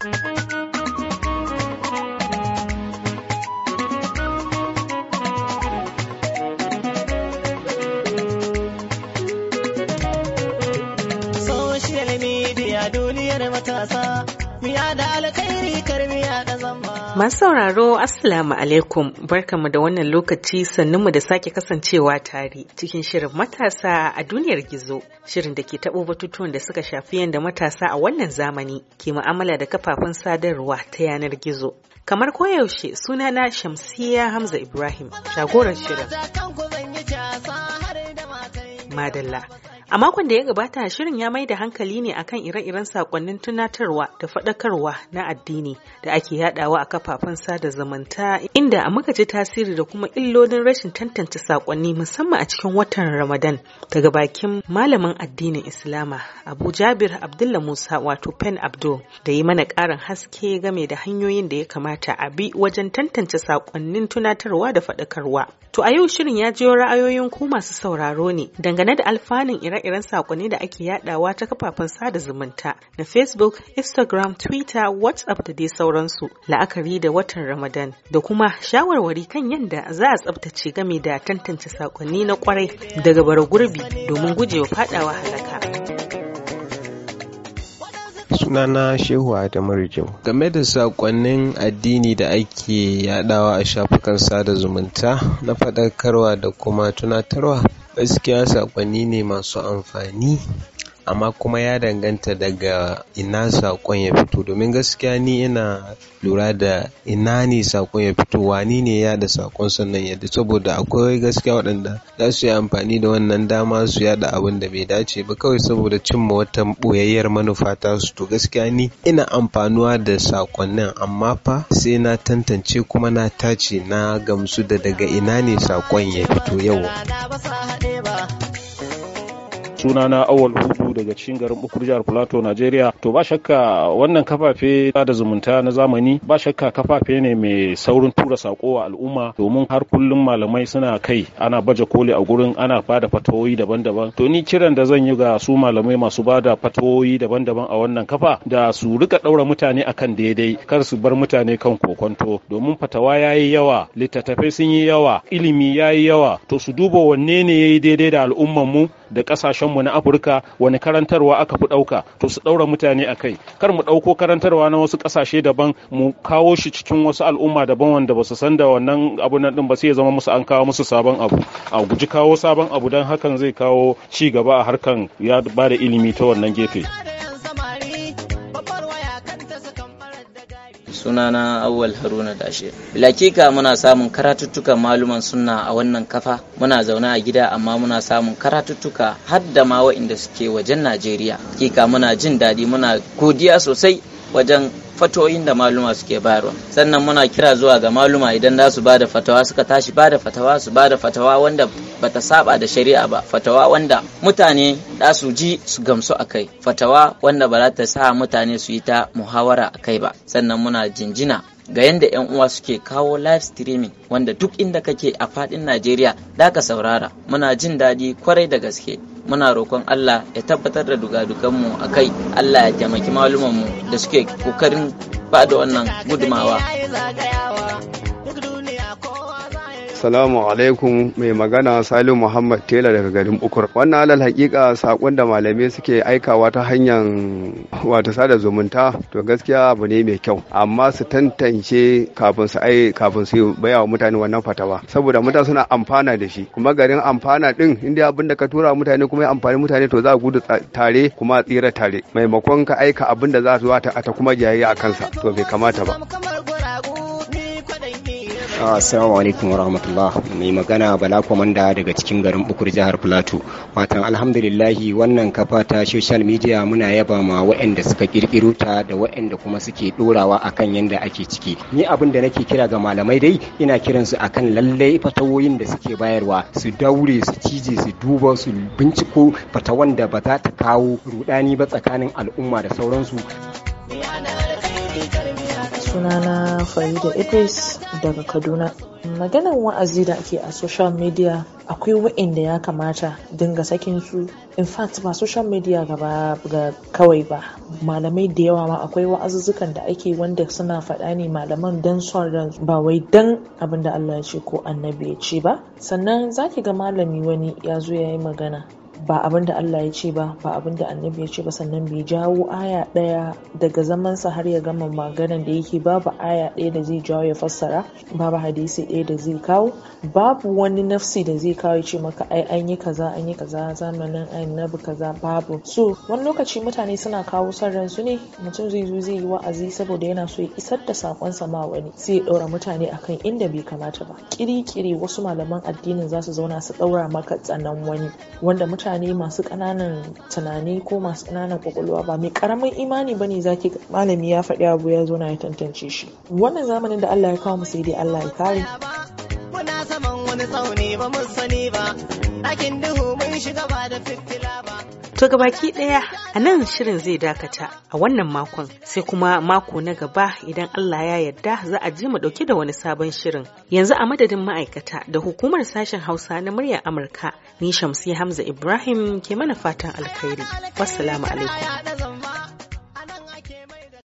Social media duniyar matasa miya da alkhairi zamba. Masu sauraro Assalamu alaikum barkamu da wannan lokaci sannunmu da sake kasancewa tare cikin shirin matasa a duniyar gizo shirin da ke taɓo batutuwan da suka shafi yadda matasa a wannan zamani ke mu'amala da kafafen sadarwa ta yanar gizo. Kamar koyaushe sunana Shamsiya Hamza Ibrahim shagoran shirin. Madalla. A makon da ya gabata shirin ya mai da hankali ne akan ire-iren sakonnin tunatarwa da faɗakarwa na addini da ake yaɗawa a kafafen sada zumunta inda muka ji tasiri da kuma illolin rashin tantance sakonni musamman a cikin watan Ramadan daga bakin malamin addinin Islama Abu Jabir Abdullah Musa wato Pen Abdul da yi mana ƙarin haske game da hanyoyin da ya kamata a bi wajen tantance sakonnin tunatarwa da faɗakarwa. To a yau shirin ya jiyo ra'ayoyin ku masu sauraro ne dangane da alfanun ire-iren sakonni da ake yadawa ta kafafen sada zumunta na Facebook, Instagram, Twitter, WhatsApp da dai sauransu la'akari da watan Ramadan da kuma shawarwari kan yadda za a tsabtace game da tantance sakonni na kwarai daga bara gurbi domin gujewa fadawa halaka. sunana Shehu Adamu Rijau. Game da sakonnin addini da ake yadawa a shafukan sada zumunta na faɗakarwa da kuma tunatarwa gaskiya sakonni ne masu amfani amma kuma ya danganta daga ina saƙon ya fito domin gaskiya ni ina lura da ina ne saƙon ya fito wani ne ya da saƙon sannan yadda saboda akwai gaskiya waɗanda za su yi amfani da wannan dama su yada abin da bai dace ba kawai saboda cimma wata ɓoyayyar manufa ta su to gaskiya ni ina amfanuwa da saƙonnin amma fa sai na tantance kuma na tace na gamsu da daga ina ne saƙon ya fito yau. sunana awal hudu daga cikin garin ukur jihar plato nigeria to ba shakka wannan kafafe da zumunta na zamani ba shakka kafafe ne mai saurin tura sako wa al'umma domin har kullum malamai suna kai ana baje koli a gurin ana bada fatawoyi daban-daban to ni kiran da zan yi ga su malamai masu bada fatawoyi daban-daban a wannan kafa da su rika ɗaura mutane akan daidai kar su bar mutane kan kokonto domin fatawa ya yi yawa littattafai sun yi yawa ilimi ya yi yawa to su duba wanne ne ya yi daidai da al'umman mu da mu na afirka wani karantarwa aka fi ɗauka to su ɗaura mutane a kai kar mu ɗauko karantarwa na wasu ƙasashe daban mu kawo shi cikin wasu al'umma daban wanda ba su san da wannan abu nan ɗin ba sai ya zama musu an kawo musu sabon abu a guji kawo sabon abu don hakan zai kawo ci gaba a harkan ya ba da ilimi ta wannan gefe. sunana awwal haruna dashe bilakika muna samun karatuttukan maluman sunna a wannan kafa muna zaune a gida amma muna samun karatuttuka har da ma wa'inda suke wajen najeriya hakika muna jin daɗi muna godiya sosai wajen fatoyin da maluma suke bayarwa sannan muna kira zuwa ga maluma idan za su bada fatawa suka tashi bada fatawa su bada fatawa wanda bata saba da shari'a ba fatawa wanda mutane za su ji su gamsu a kai fatawa wanda ba za ta sa mutane su yi ta muhawara a kai ba sannan muna jinjina ga yadda 'yan uwa suke kawo live streaming wanda duk inda kake a faɗin Najeriya da ka saurara. Muna jin daɗi kwarai da gaske. Muna roƙon Allah ya tabbatar da dugaduganmu a kai Allah ya taimaki malumanmu da suke kokarin ba da wannan gudumawa. Assalamu alaikum mai magana Salim Muhammad Tela daga garin Ukur. Wannan alal hakika sakon da malamai suke aikawa ta hanyar wata sada zumunta to gaskiya abu ne mai kyau amma su tantance kafin su ai kafin su baya wa mutane wannan fatawa saboda mutane suna amfana da shi kuma garin amfana din inda abin da ka tura mutane kuma ya amfani mutane to za a gudu tare kuma tsira tare maimakon ka aika abin da za su wata ta kuma jayayya a kansa to bai kamata ba. Assalamu alaikum rahmatullah mai magana Bala Komanda daga cikin garin Bukur jihar Filato. Watan alhamdulillahi wannan kafa ta social media muna yaba ma waɗanda suka ƙirƙiro ta da waɗanda kuma suke ɗorawa akan yanda ake ciki. Ni abin da nake kira ga malamai dai ina kiran su akan lallai fatawoyin da suke bayarwa su daure su cije su duba su binciko fatawan da ba za ta kawo rudani ba tsakanin al'umma da sauransu. sunana farida idris daga kaduna maganan wa'azi da ake a social media akwai wa'inda ya kamata dinga sakin su in fact ba social media gaba ga kawai ba malamai da yawa ma akwai wa'azuzzukan da ake wanda suna faɗa ne malaman don son ran ba wai dan abinda Allah ya ce ko annabi ya ce ba sannan zaki ga malami wani ya zo ya yi magana ba abin da Allah ya ce ba ba abin da annabi ya ce ba sannan bai jawo aya ɗaya daga zamansa har ya gama maganar da yake babu aya ɗaya da zai jawo ya fassara babu hadisi ɗaya da zai kawo babu wani nafsi da zai kawo ya ce maka ai an yi kaza an yi kaza zamanin annabi kaza babu so wani lokaci mutane suna kawo son ransu ne mutum zai zo zai yi wa'azi saboda yana so ya isar da sakon sa ma wani sai ya ɗaura mutane akan inda bai kamata ba kiri-kiri wasu malaman addinin za su zauna su ɗaura maka tsanan wani wanda mutane mutane masu kananan tunani ko masu kananan kwakwalwa ba mai ƙaramin imani bane zaki malami ya faɗi abu ya zo na ya tantance shi wannan zamanin da Allah ya kawo mu sai dai Allah ya kare muna saman wani tsauni ba mu sani ba ɗakin duhu mun shiga ba da fitil To ga baki ɗaya a nan shirin zai dakata a wannan makon sai kuma mako na gaba idan Allah ya yarda za a ji mu ɗauke da wani sabon shirin. Yanzu a madadin ma'aikata da hukumar sashen Hausa na muryar Amurka ni Shamsi Hamza Ibrahim ke mana fatan alkhairi. Wassalamu alaikum.